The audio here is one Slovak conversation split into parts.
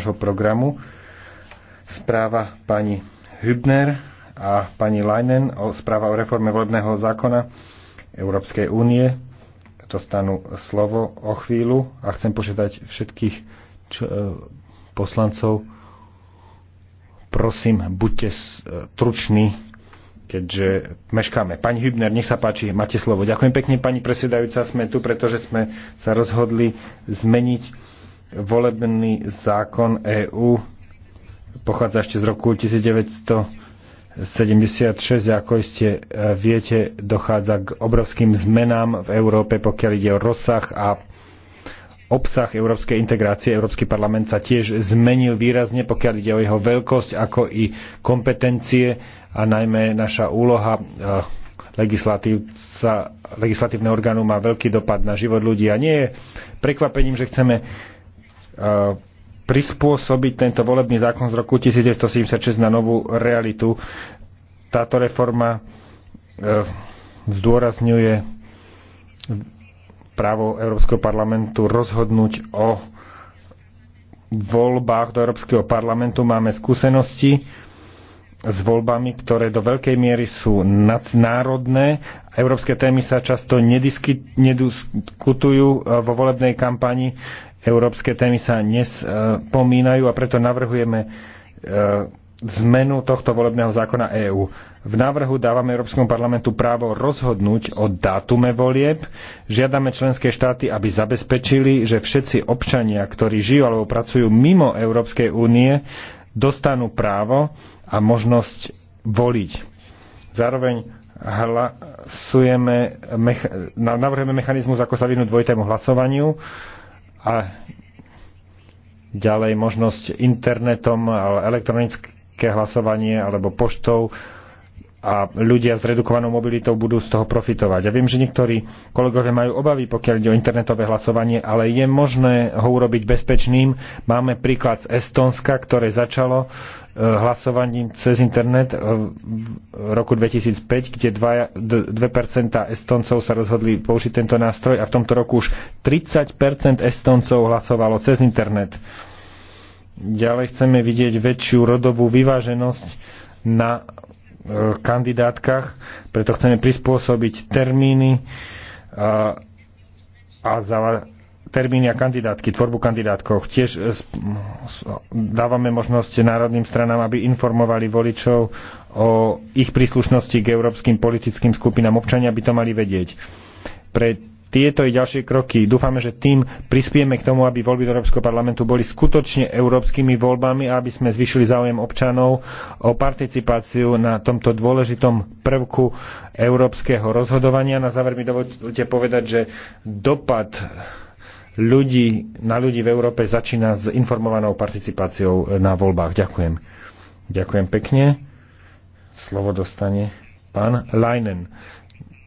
nášho programu. Správa pani Hübner a pani Leinen o správa o reforme vodného zákona Európskej únie. To stanú slovo o chvíľu a chcem požiadať všetkých č- e, poslancov. Prosím, buďte e, truční, keďže meškáme. Pani Hübner, nech sa páči, máte slovo. Ďakujem pekne, pani predsedajúca. Sme tu, pretože sme sa rozhodli zmeniť volebný zákon EÚ pochádza ešte z roku 1976. Ako iste e, viete, dochádza k obrovským zmenám v Európe, pokiaľ ide o rozsah a obsah európskej integrácie. Európsky parlament sa tiež zmenil výrazne, pokiaľ ide o jeho veľkosť, ako i kompetencie a najmä naša úloha e, legislatívneho orgánu má veľký dopad na život ľudí a nie je prekvapením, že chceme E, prispôsobiť tento volebný zákon z roku 1976 na novú realitu. Táto reforma e, zdôrazňuje právo Európskeho parlamentu rozhodnúť o voľbách do Európskeho parlamentu. Máme skúsenosti s voľbami, ktoré do veľkej miery sú národné. Európske témy sa často nediskutujú e, vo volebnej kampani Európske témy sa nespomínajú e, a preto navrhujeme e, zmenu tohto volebného zákona EÚ. V návrhu dávame Európskom parlamentu právo rozhodnúť o dátume volieb. Žiadame členské štáty, aby zabezpečili, že všetci občania, ktorí žijú alebo pracujú mimo Európskej únie, dostanú právo a možnosť voliť. Zároveň hlasujeme, mecha- navrhujeme mechanizmus, ako sa vyhnúť dvojitému hlasovaniu a ďalej možnosť internetom, elektronické hlasovanie alebo poštou a ľudia s redukovanou mobilitou budú z toho profitovať. Ja viem, že niektorí kolegovia majú obavy, pokiaľ ide o internetové hlasovanie, ale je možné ho urobiť bezpečným. Máme príklad z Estonska, ktoré začalo e, hlasovaním cez internet e, v roku 2005, kde 2, 2% Estoncov sa rozhodli použiť tento nástroj a v tomto roku už 30% Estoncov hlasovalo cez internet. Ďalej chceme vidieť väčšiu rodovú vyváženosť na E, kandidátkach, preto chceme prispôsobiť termíny e, a, za termíny a kandidátky, tvorbu kandidátkov. Tiež e, dávame možnosť národným stranám, aby informovali voličov o ich príslušnosti k európskym politickým skupinám. Občania by to mali vedieť. Pre tieto i ďalšie kroky. Dúfame, že tým prispieme k tomu, aby voľby do Európskeho parlamentu boli skutočne európskymi voľbami a aby sme zvyšili záujem občanov o participáciu na tomto dôležitom prvku európskeho rozhodovania. Na záver mi dovolte povedať, že dopad ľudí, na ľudí v Európe začína s informovanou participáciou na voľbách. Ďakujem. Ďakujem pekne. Slovo dostane pán Leinen.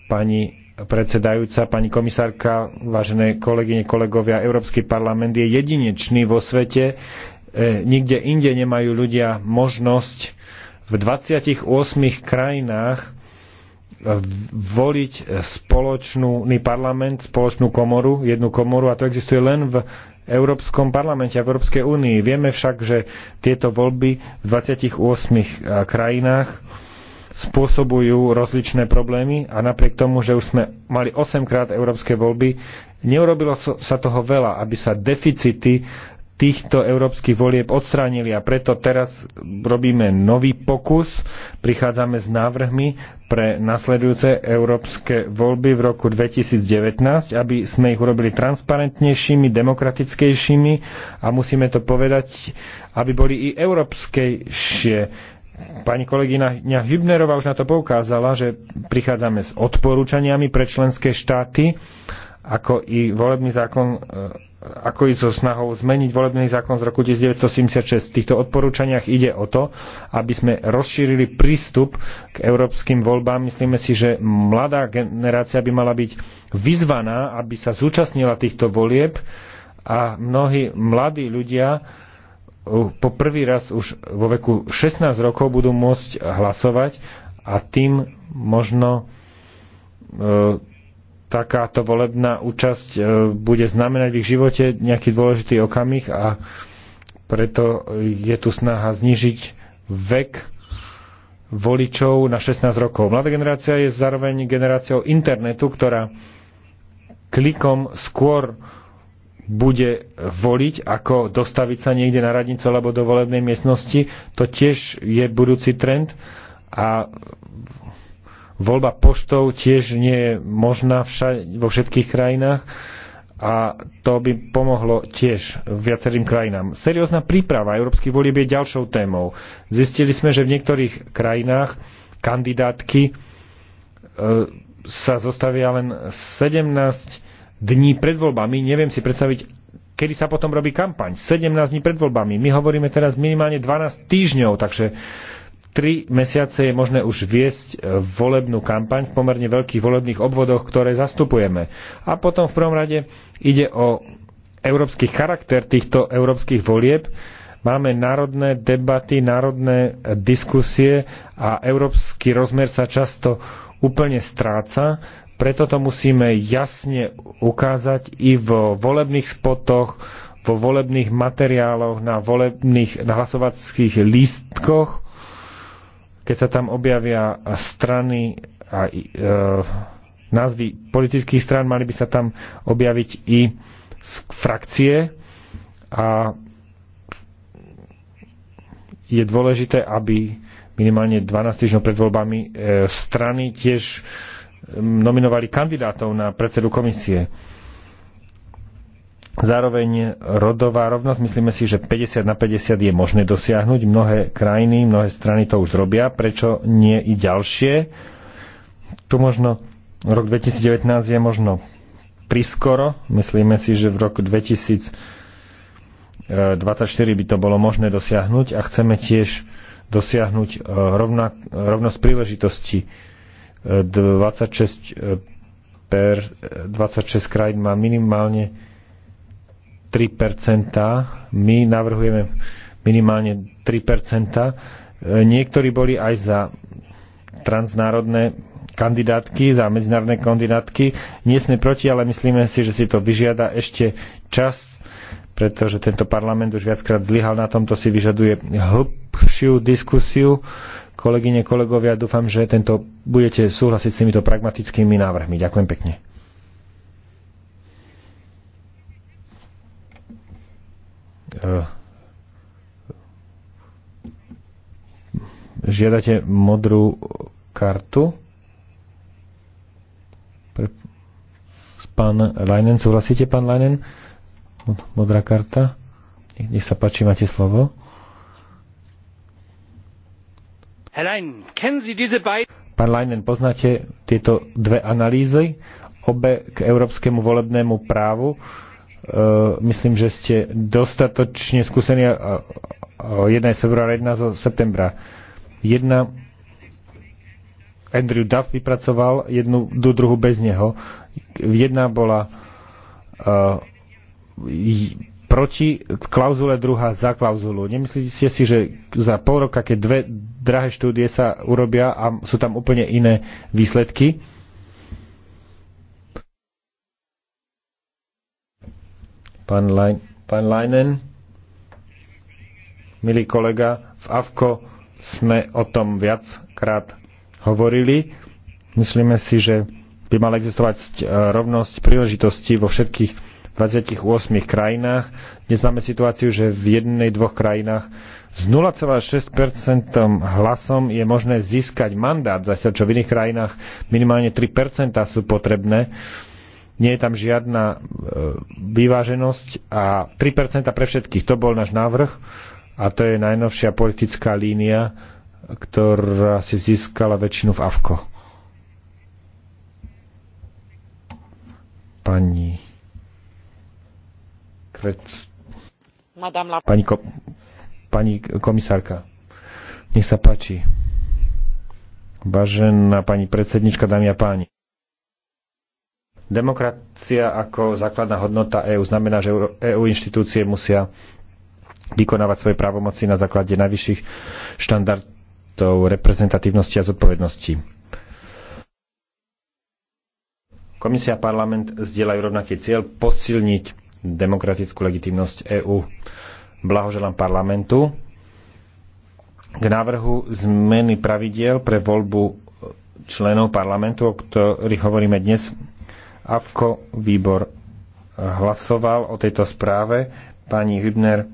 Pani predsedajúca, pani komisárka, vážené kolegyne, kolegovia, Európsky parlament je jedinečný vo svete. E, nikde inde nemajú ľudia možnosť v 28 krajinách voliť spoločný parlament, spoločnú komoru, jednu komoru a to existuje len v Európskom parlamente a v Európskej únii. Vieme však, že tieto voľby v 28 krajinách spôsobujú rozličné problémy a napriek tomu, že už sme mali 8 krát európske voľby, neurobilo sa toho veľa, aby sa deficity týchto európskych volieb odstránili a preto teraz robíme nový pokus, prichádzame s návrhmi pre nasledujúce európske voľby v roku 2019, aby sme ich urobili transparentnejšími, demokratickejšími a musíme to povedať, aby boli i európskejšie Pani kolegyňa Hübnerová už na to poukázala, že prichádzame s odporúčaniami pre členské štáty, ako i volebný zákon e, ako i so snahou zmeniť volebný zákon z roku 1976. V týchto odporúčaniach ide o to, aby sme rozšírili prístup k európskym voľbám. Myslíme si, že mladá generácia by mala byť vyzvaná, aby sa zúčastnila týchto volieb a mnohí mladí ľudia po prvý raz už vo veku 16 rokov budú môcť hlasovať a tým možno e, takáto volebná účasť e, bude znamenať v ich živote nejaký dôležitý okamih a preto je tu snaha znižiť vek voličov na 16 rokov. Mladá generácia je zároveň generáciou internetu, ktorá klikom skôr bude voliť, ako dostaviť sa niekde na radnicu alebo do volebnej miestnosti, to tiež je budúci trend a voľba poštou tiež nie je možná vša- vo všetkých krajinách a to by pomohlo tiež viacerým krajinám. Seriózna príprava európskych volieb je ďalšou témou. Zistili sme, že v niektorých krajinách kandidátky e, sa zostavia len 17 dní pred voľbami, neviem si predstaviť, kedy sa potom robí kampaň. 17 dní pred voľbami. My hovoríme teraz minimálne 12 týždňov, takže 3 mesiace je možné už viesť e, volebnú kampaň v pomerne veľkých volebných obvodoch, ktoré zastupujeme. A potom v prvom rade ide o európsky charakter týchto európskych volieb, máme národné debaty, národné e, diskusie a európsky rozmer sa často úplne stráca. Preto to musíme jasne ukázať i v volebných spotoch, vo volebných materiáloch, na, volebných, na hlasovacích lístkoch, keď sa tam objavia strany a e, názvy politických strán, mali by sa tam objaviť i frakcie a je dôležité, aby minimálne 12 týždňov pred voľbami e, strany tiež nominovali kandidátov na predsedu komisie. Zároveň rodová rovnosť, myslíme si, že 50 na 50 je možné dosiahnuť. Mnohé krajiny, mnohé strany to už robia. Prečo nie i ďalšie? Tu možno rok 2019 je možno priskoro. Myslíme si, že v roku 2024 by to bolo možné dosiahnuť a chceme tiež dosiahnuť eh, rovna, rovnosť príležitosti 26, eh, per, 26 krajín má minimálne 3%, my navrhujeme minimálne 3%. Eh, niektorí boli aj za transnárodné kandidátky, za medzinárodné kandidátky. Nie sme proti, ale myslíme si, že si to vyžiada ešte čas, pretože tento parlament už viackrát zlyhal na tomto, si vyžaduje hĺbšiu diskusiu Kolegyne, kolegovia, dúfam, že tento, budete súhlasiť s týmito pragmatickými návrhmi. Ďakujem pekne. Eh, žiadate modrú kartu? Pre... Pán Leinen, súhlasíte, pán Leinen? Modrá karta? Nech sa páči, máte slovo. Pán Leinen, poznáte tieto dve analýzy, obe k európskemu volebnému právu. E, myslím, že ste dostatočne skúsení. Jedna je z februára, jedna zo septembra. Jedna Andrew Duff vypracoval, jednu do druhu bez neho. Jedna bola uh, proti klauzule druhá za klauzulu. Nemyslíte si, že za pol roka, keď dve drahé štúdie sa urobia a sú tam úplne iné výsledky? Pán, Lein, pán Leinen, milý kolega, v AVKO sme o tom viackrát hovorili. Myslíme si, že by mala existovať e, rovnosť príležitosti vo všetkých 28 krajinách. Dnes máme situáciu, že v jednej, dvoch krajinách s 0,6% hlasom je možné získať mandát, zase, čo v iných krajinách minimálne 3% sú potrebné. Nie je tam žiadna e, vyváženosť a 3% pre všetkých. To bol náš návrh a to je najnovšia politická línia, ktorá si získala väčšinu v AVKO. Pani pred... Pani, ko... pani komisárka, nech sa páči. Vážená pani predsednička, dámy a páni. Demokracia ako základná hodnota EÚ znamená, že EÚ inštitúcie musia vykonávať svoje právomoci na základe najvyšších štandardov reprezentatívnosti a zodpovednosti. Komisia a parlament zdieľajú rovnaký cieľ posilniť demokratickú legitimnosť EÚ. Blahoželám parlamentu k návrhu zmeny pravidiel pre voľbu členov parlamentu, o ktorých hovoríme dnes. AVKO výbor hlasoval o tejto správe. Pani Hübner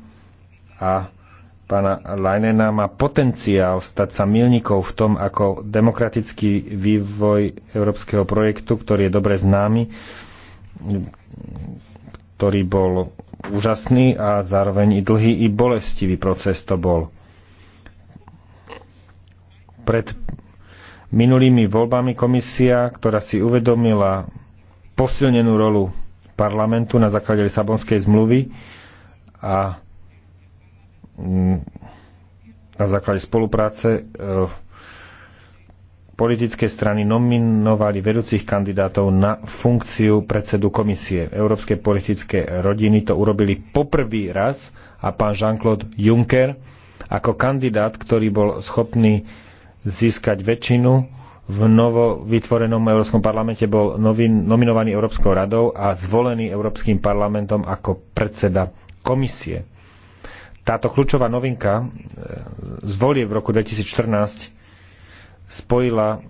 a pána Leinena má potenciál stať sa milníkov v tom, ako demokratický vývoj európskeho projektu, ktorý je dobre známy, ktorý bol úžasný a zároveň i dlhý, i bolestivý proces to bol. Pred minulými voľbami komisia, ktorá si uvedomila posilnenú rolu parlamentu na základe Lisabonskej zmluvy a mm, na základe spolupráce v e, politické strany nominovali vedúcich kandidátov na funkciu predsedu komisie. Európske politické rodiny to urobili poprvý raz a pán Jean-Claude Juncker ako kandidát, ktorý bol schopný získať väčšinu v novo vytvorenom Európskom parlamente bol novin, nominovaný Európskou radou a zvolený Európskym parlamentom ako predseda komisie. Táto kľúčová novinka e, zvolie v roku 2014 spojila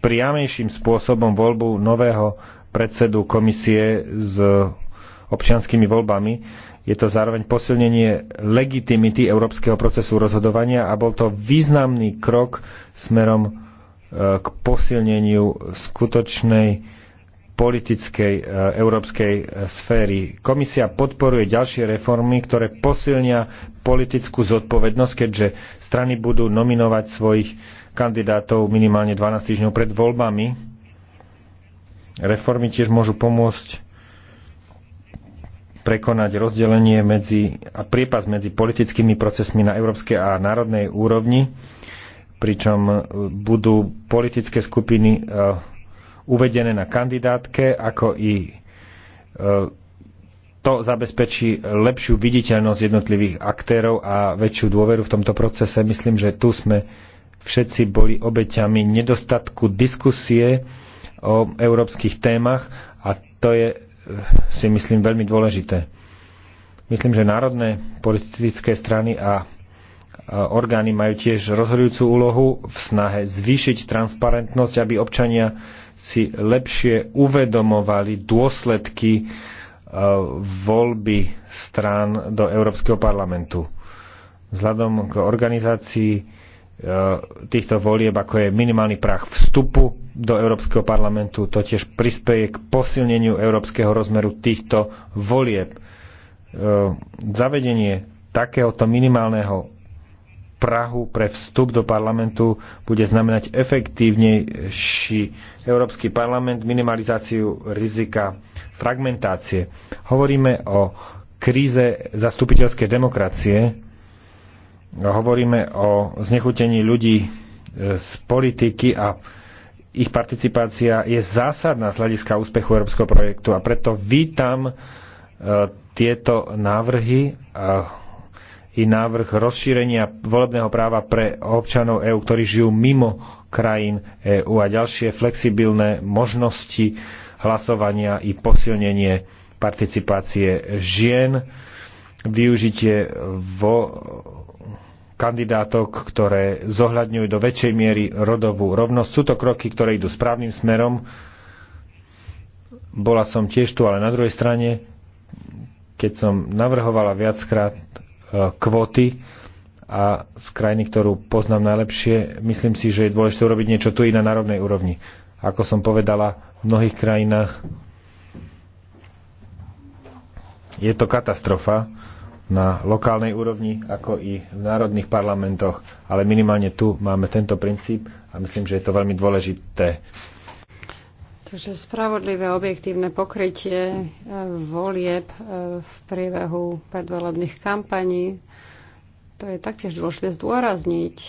priamejším spôsobom voľbu nového predsedu komisie s občianskými voľbami. Je to zároveň posilnenie legitimity európskeho procesu rozhodovania a bol to významný krok smerom e, k posilneniu skutočnej politickej e, európskej e, sféry. Komisia podporuje ďalšie reformy, ktoré posilnia politickú zodpovednosť, keďže strany budú nominovať svojich kandidátov minimálne 12 týždňov pred voľbami. Reformy tiež môžu pomôcť prekonať rozdelenie medzi, a priepas medzi politickými procesmi na európskej a národnej úrovni, pričom e, budú politické skupiny uvedené na kandidátke, ako i e, to zabezpečí lepšiu viditeľnosť jednotlivých aktérov a väčšiu dôveru v tomto procese. Myslím, že tu sme všetci boli obeťami nedostatku diskusie o európskych témach a to je e, si myslím veľmi dôležité. Myslím, že národné politické strany a e, orgány majú tiež rozhodujúcu úlohu v snahe zvýšiť transparentnosť, aby občania si lepšie uvedomovali dôsledky e, voľby strán do Európskeho parlamentu. Vzhľadom k organizácii e, týchto volieb, ako je minimálny prach vstupu do Európskeho parlamentu, to tiež prispieje k posilneniu európskeho rozmeru týchto volieb. E, zavedenie takéhoto minimálneho Prahu pre vstup do parlamentu bude znamenať efektívnejší Európsky parlament, minimalizáciu rizika fragmentácie. Hovoríme o kríze zastupiteľskej demokracie, hovoríme o znechutení ľudí e, z politiky a ich participácia je zásadná z hľadiska úspechu európskeho projektu a preto vítam e, tieto návrhy. A i návrh rozšírenia volebného práva pre občanov EÚ, ktorí žijú mimo krajín EÚ a ďalšie flexibilné možnosti hlasovania i posilnenie participácie žien, využitie vo kandidátok, ktoré zohľadňujú do väčšej miery rodovú rovnosť. Sú to kroky, ktoré idú správnym smerom. Bola som tiež tu, ale na druhej strane, keď som navrhovala viackrát kvóty a z krajiny, ktorú poznám najlepšie, myslím si, že je dôležité urobiť niečo tu i na národnej úrovni. Ako som povedala, v mnohých krajinách je to katastrofa na lokálnej úrovni, ako i v národných parlamentoch, ale minimálne tu máme tento princíp a myslím, že je to veľmi dôležité. Takže spravodlivé objektívne pokrytie e, volieb e, v priebehu predvolebných kampaní, to je taktiež dôležité zdôrazniť,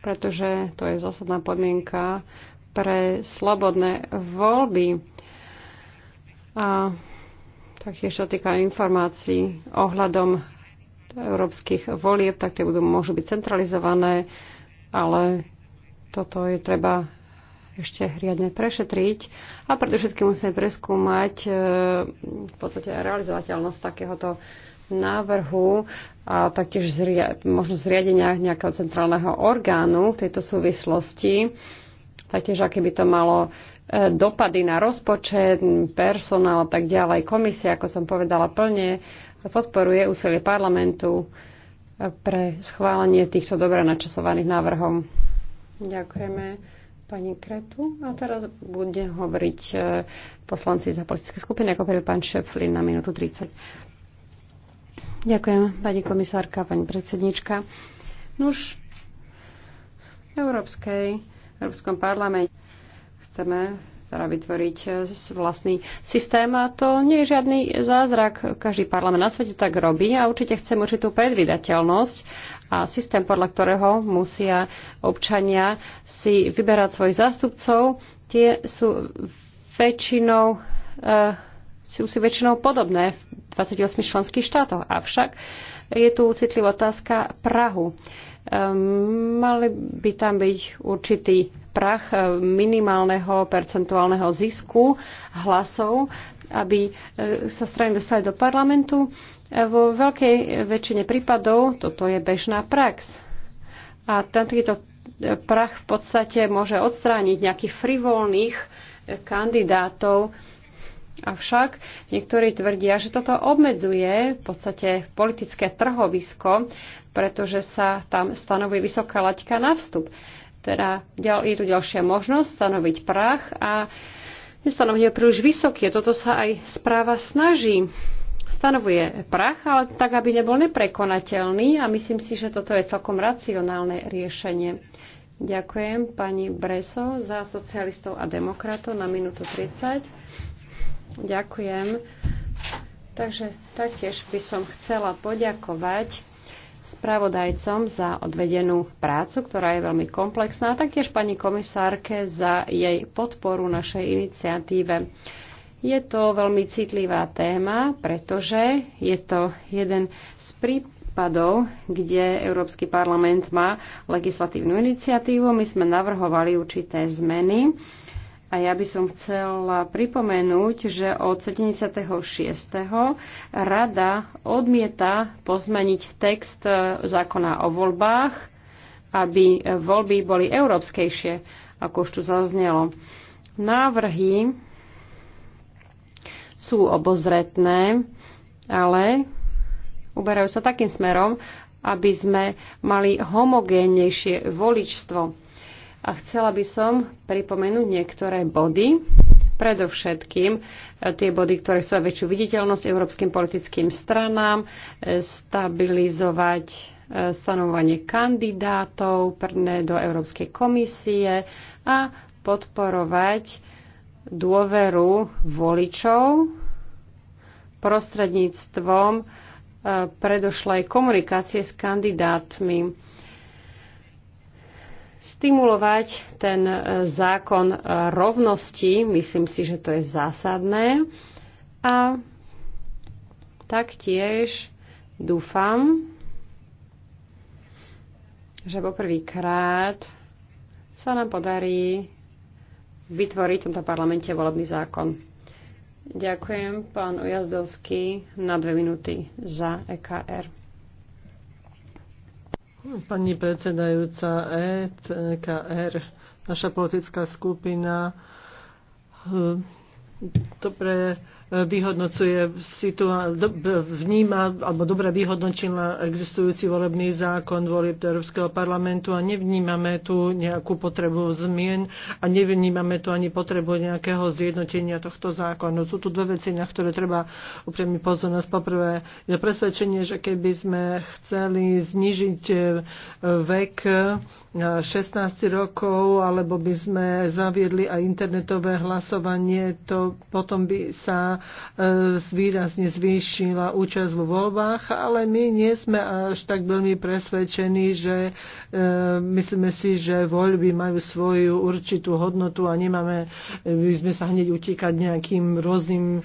pretože to je zásadná podmienka pre slobodné voľby. A taktiež sa týka informácií ohľadom európskych volieb, tak tie budú, môžu byť centralizované, ale toto je treba ešte riadne prešetriť a predovšetkým musíme preskúmať e, v podstate realizovateľnosť takéhoto návrhu a taktiež zria- možno zriadenia nejakého centrálneho orgánu v tejto súvislosti, taktiež aké by to malo e, dopady na rozpočet, personál a tak ďalej. Komisia, ako som povedala, plne podporuje úsilie parlamentu e, pre schválenie týchto dobre načasovaných návrhov. Ďakujeme pani Kretu. A teraz bude hovoriť e, poslanci za politické skupiny, ako prvý pán Šeflin na minútu 30. Ďakujem, pani komisárka, pani predsednička. Nuž, v Európskej, v Európskom parlamente chceme teda vytvoriť vlastný systém a to nie je žiadny zázrak. Každý parlament na svete tak robí a určite chcem určitú predvydateľnosť a systém, podľa ktorého musia občania si vyberať svojich zástupcov, tie sú väčšinou e, sú si väčšinou podobné v 28 členských štátoch. Avšak je tu citlivá otázka Prahu. Um, mali by tam byť určitý prach eh, minimálneho percentuálneho zisku hlasov, aby eh, sa strany dostali do parlamentu. Eh, vo veľkej väčšine prípadov toto je bežná prax. A tento prach v podstate môže odstrániť nejakých frivolných kandidátov. Avšak niektorí tvrdia, že toto obmedzuje v podstate politické trhovisko, pretože sa tam stanovuje vysoká laťka na vstup. Teda je tu ďalšia možnosť stanoviť prach a nestanovenie je príliš vysoké. Toto sa aj správa snaží. Stanovuje prach, ale tak, aby nebol neprekonateľný a myslím si, že toto je celkom racionálne riešenie. Ďakujem pani Breso za socialistov a demokratov na minútu 30. Ďakujem. Takže taktiež by som chcela poďakovať spravodajcom za odvedenú prácu, ktorá je veľmi komplexná, a taktiež pani komisárke za jej podporu našej iniciatíve. Je to veľmi citlivá téma, pretože je to jeden z prípadov, kde Európsky parlament má legislatívnu iniciatívu. My sme navrhovali určité zmeny a ja by som chcela pripomenúť, že od 76. rada odmieta pozmeniť text e, zákona o voľbách, aby voľby boli európskejšie, ako už tu zaznelo. Návrhy sú obozretné, ale uberajú sa takým smerom, aby sme mali homogénnejšie voličstvo a chcela by som pripomenúť niektoré body, predovšetkým e, tie body, ktoré sú väčšiu viditeľnosť európskym politickým stranám, e, stabilizovať e, stanovanie kandidátov do Európskej komisie a podporovať dôveru voličov prostredníctvom predošlej komunikácie s kandidátmi stimulovať ten e, zákon e, rovnosti. Myslím si, že to je zásadné. A taktiež dúfam, že poprvýkrát sa nám podarí vytvoriť v tomto parlamente volebný zákon. Ďakujem, pán Ujazdovský, na dve minúty za EKR. Pani predsedajúca EKR, naša politická skupina hm, dobre vyhodnocuje vníma alebo dobre vyhodnotila existujúci volebný zákon volieb do Európskeho parlamentu a nevnímame tu nejakú potrebu zmien a nevnímame tu ani potrebu nejakého zjednotenia tohto zákonu. Sú tu dve veci, na ktoré treba upriamiť pozornosť. Poprvé je presvedčenie, že keby sme chceli znižiť e, vek 16 rokov alebo by sme zaviedli aj internetové hlasovanie, to potom by sa E, výrazne zvýšila účasť vo voľbách, ale my nie sme až tak veľmi presvedčení, že e, myslíme si, že voľby majú svoju určitú hodnotu a nemáme by e, sme sa hneď utíkať nejakým rôznym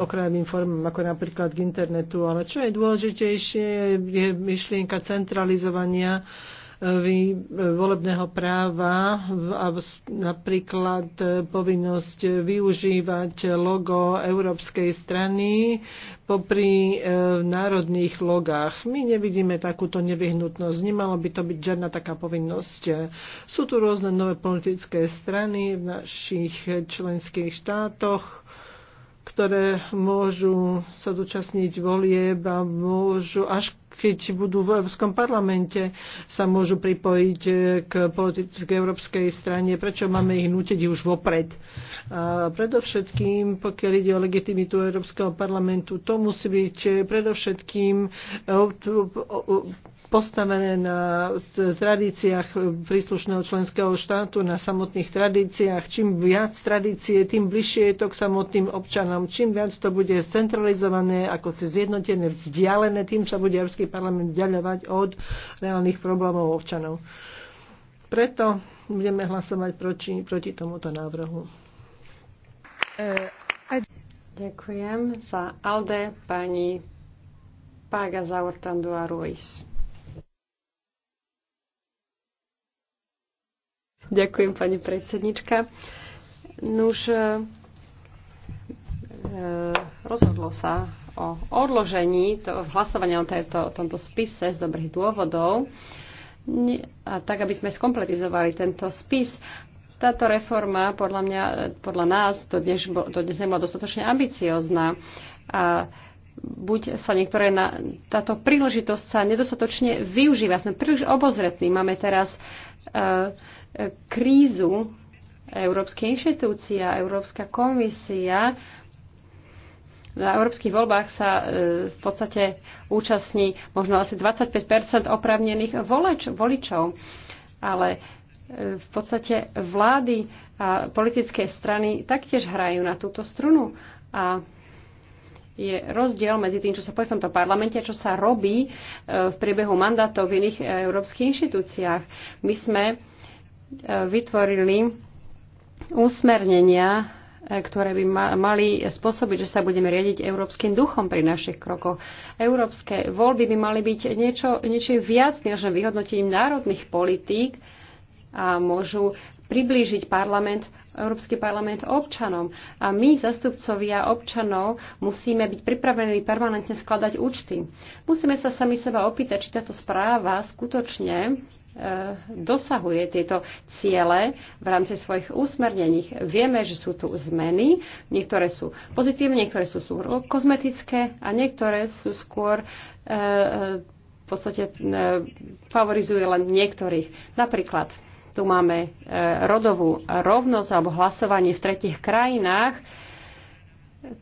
okrajovým formám, ako napríklad k internetu. Ale čo je dôležitejšie, je myšlienka centralizovania volebného práva a napríklad povinnosť využívať logo Európskej strany popri e, národných logách. My nevidíme takúto nevyhnutnosť. Nemalo by to byť žiadna taká povinnosť. Sú tu rôzne nové politické strany v našich členských štátoch ktoré môžu sa zúčastniť volieb a môžu až keď budú v Európskom parlamente, sa môžu pripojiť eh, k politickej európskej strane. Prečo máme ich nútiť už vopred? A predovšetkým, pokiaľ ide o legitimitu Európskeho parlamentu, to musí byť eh, predovšetkým eh, postavené na tradíciách príslušného členského štátu, na samotných tradíciách. Čím viac tradície, tým bližšie je to k samotným občanom. Čím viac to bude centralizované, ako si zjednotené, vzdialené, tým sa bude Európsky parlament vzdialovať od reálnych problémov občanov. Preto budeme hlasovať proti, proti tomuto návrhu. E, Ďakujem za Alde pani Pagazaur a Ruiz. Ďakujem, pani predsednička. Nuž, e, e, rozhodlo sa o odložení to, hlasovania o tejto, tomto spise z dobrých dôvodov, a tak, aby sme skompletizovali tento spis. Táto reforma podľa, mňa, podľa nás do dnes, do dnes nebola dostatočne ambiciozná. A buď sa niektoré na, táto príležitosť sa nedostatočne využíva. Sme príliš obozretní. Máme teraz uh, E, krízu európske inštitúcia, Európska komisia na európskych voľbách sa e, v podstate účastní možno asi 25 oprávnených voleč, voličov. Ale e, v podstate vlády a politické strany taktiež hrajú na túto strunu. A je rozdiel medzi tým, čo sa povie v tomto parlamente a čo sa robí e, v priebehu mandátov v iných e, európskych inštitúciách. My sme e, vytvorili úsmernenia, ktoré by mali spôsobiť, že sa budeme riadiť európskym duchom pri našich krokoch. Európske voľby by mali byť niečo, niečím viac než vyhodnotením národných politík a môžu priblížiť parlament, Európsky parlament občanom. A my, zastupcovia občanov, musíme byť pripravení permanentne skladať účty. Musíme sa sami seba opýtať, či táto správa skutočne e, dosahuje tieto ciele v rámci svojich úsmernení. Vieme, že sú tu zmeny, niektoré sú pozitívne, niektoré sú, sú kozmetické a niektoré sú skôr e, e v podstate e, favorizuje len niektorých. Napríklad tu máme e, rodovú rovnosť alebo hlasovanie v tretich krajinách,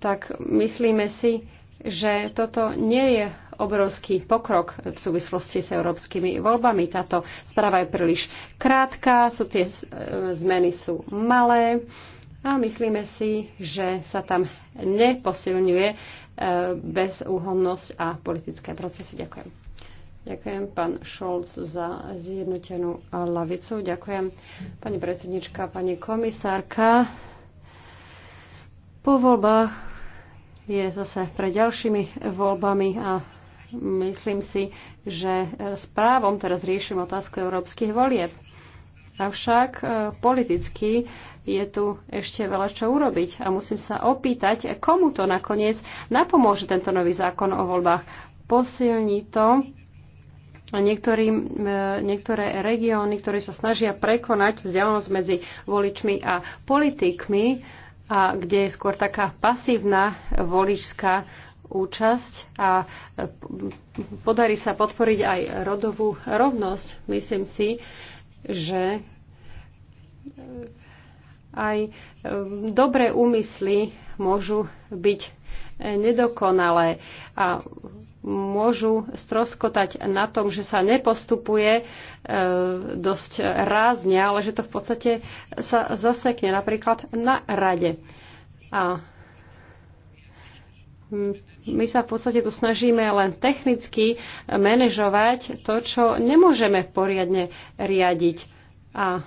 tak myslíme si, že toto nie je obrovský pokrok v súvislosti s európskymi voľbami. Táto správa je príliš krátka, sú tie e, zmeny sú malé a myslíme si, že sa tam neposilňuje e, bezúhonnosť a politické procesy. Ďakujem. Ďakujem pán Šolc za zjednotenú lavicu. Ďakujem pani predsednička, pani komisárka. Po voľbách je zase pre ďalšími voľbami a myslím si, že s právom teraz riešim otázku európskych volieb. Avšak e, politicky je tu ešte veľa čo urobiť a musím sa opýtať, komu to nakoniec napomôže tento nový zákon o voľbách. Posilní to a niektorý, e, niektoré regióny, ktoré sa snažia prekonať vzdialenosť medzi voličmi a politikmi, a kde je skôr taká pasívna voličská účasť a e, podarí sa podporiť aj rodovú rovnosť. Myslím si, že e, aj dobré úmysly môžu byť nedokonalé a môžu stroskotať na tom, že sa nepostupuje e, dosť rázne, ale že to v podstate sa zasekne napríklad na rade. A my sa v podstate tu snažíme len technicky manažovať to, čo nemôžeme poriadne riadiť. A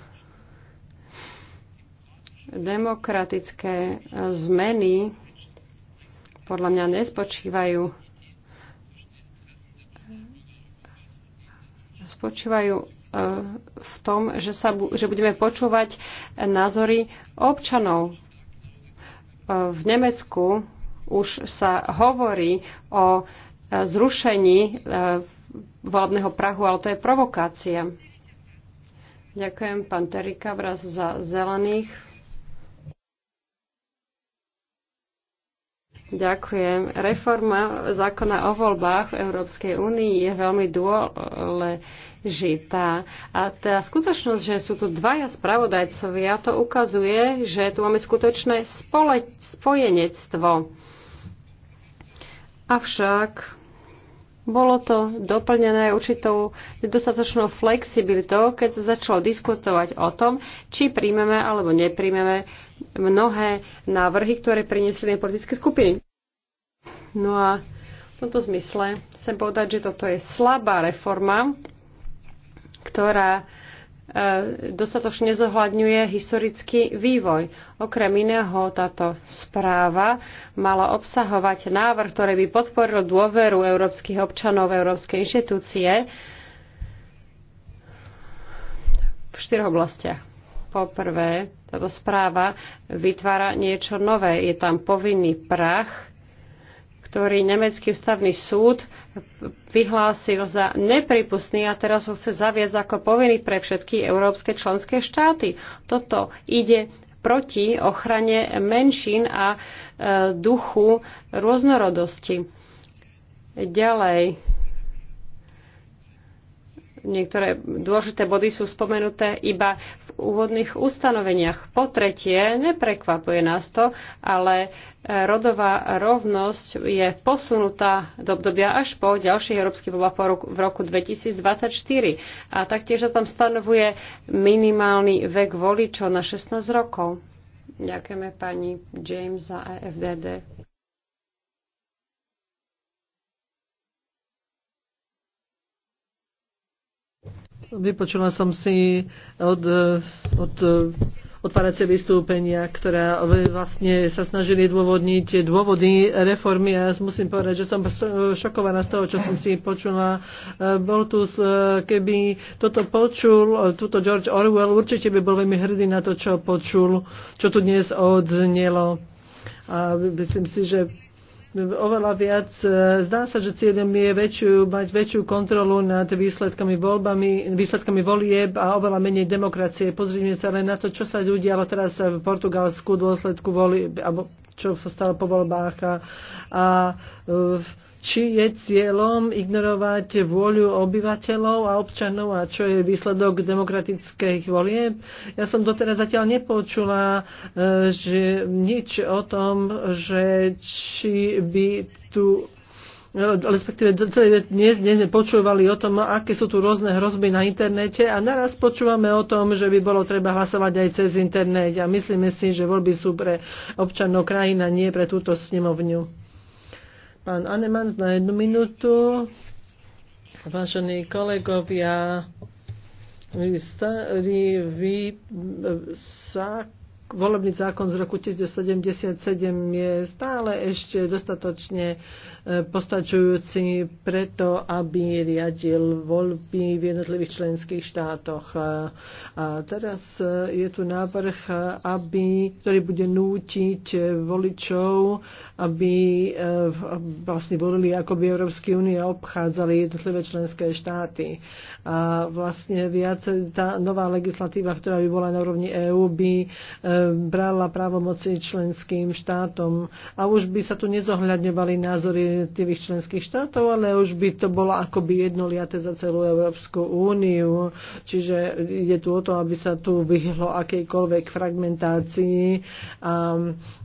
demokratické zmeny podľa mňa nespočívajú spočívajú e, v tom, že, sa, že budeme počúvať názory občanov. E, v Nemecku už sa hovorí o e, zrušení volebného Prahu, ale to je provokácia. Ďakujem, pán Terika, vraz za zelených. Ďakujem. Reforma zákona o voľbách v Európskej únii je veľmi dôležitá. A tá skutočnosť, že sú tu dvaja spravodajcovia, to ukazuje, že tu máme skutočné spole- spojenectvo. Avšak bolo to doplnené určitou nedostatočnou flexibilitou, keď sa začalo diskutovať o tom, či príjmeme alebo nepríjmeme mnohé návrhy, ktoré priniesli politické skupiny. No a v tomto zmysle chcem povedať, že toto je slabá reforma, ktorá e, dostatočne zohľadňuje historický vývoj. Okrem iného táto správa mala obsahovať návrh, ktorý by podporil dôveru európskych občanov v európske inštitúcie v štyroch oblastiach. Po prvé, táto správa vytvára niečo nové. Je tam povinný prach, ktorý nemecký ústavný súd vyhlásil za nepripustný a teraz ho chce zaviesť ako povinný pre všetky európske členské štáty. Toto ide proti ochrane menšín a e, duchu rôznorodosti. Ďalej, niektoré dôležité body sú spomenuté iba úvodných ustanoveniach. Po tretie, neprekvapuje nás to, ale e, rodová rovnosť je posunutá do obdobia až po ďalších európskych voľbách v roku 2024. A taktiež sa tam stanovuje minimálny vek voličov na 16 rokov. Ďakujeme pani James za EFDD. Vypočula som si od, od eh, otváracie vystúpenia, ktorá vlastne sa snažili dôvodniť dôvody reformy a ja musím povedať, že som šokovaná z toho, čo som si počula. Eh, bol tu, eh, keby toto počul, túto George Orwell určite by bol veľmi hrdý na to, čo počul, čo tu dnes odznelo. A myslím si, že oveľa viac. Eh, zdá sa, že cieľom je väčšiu, mať väčšiu kontrolu nad výsledkami, voľbami, výsledkami volieb a oveľa menej demokracie. Pozrime sa len na to, čo sa ale teraz v Portugalsku dôsledku volieb, alebo čo sa stalo po voľbách. A, a v, eh, či je cieľom ignorovať vôľu obyvateľov a občanov a čo je výsledok demokratických volieb. Ja som doteraz zatiaľ nepočula e, že nič o tom, že či by tu e, respektíve celé dnes počúvali o tom, aké sú tu rôzne hrozby na internete a naraz počúvame o tom, že by bolo treba hlasovať aj cez internet a myslíme si, že voľby sú pre občanov krajina, nie pre túto snemovňu. Pán Anemans na jednu minútu. Vážení kolegovia, vy starý, vy, eh, sa volebný zákon z roku 1977 je stále ešte dostatočne e, postačujúci preto, aby riadil voľby v jednotlivých členských štátoch. A teraz e, je tu návrh, e, aby, ktorý bude nútiť voličov, aby vlastne volili, ako by Európsky únie obchádzali jednotlivé členské štáty. A vlastne viac tá nová legislatíva, ktorá by bola na úrovni EÚ, by brala právomoci členským štátom. A už by sa tu nezohľadňovali názory tých členských štátov, ale už by to bolo akoby jednoliate za celú Európsku úniu. Čiže ide tu o to, aby sa tu vyhlo akejkoľvek fragmentácii, a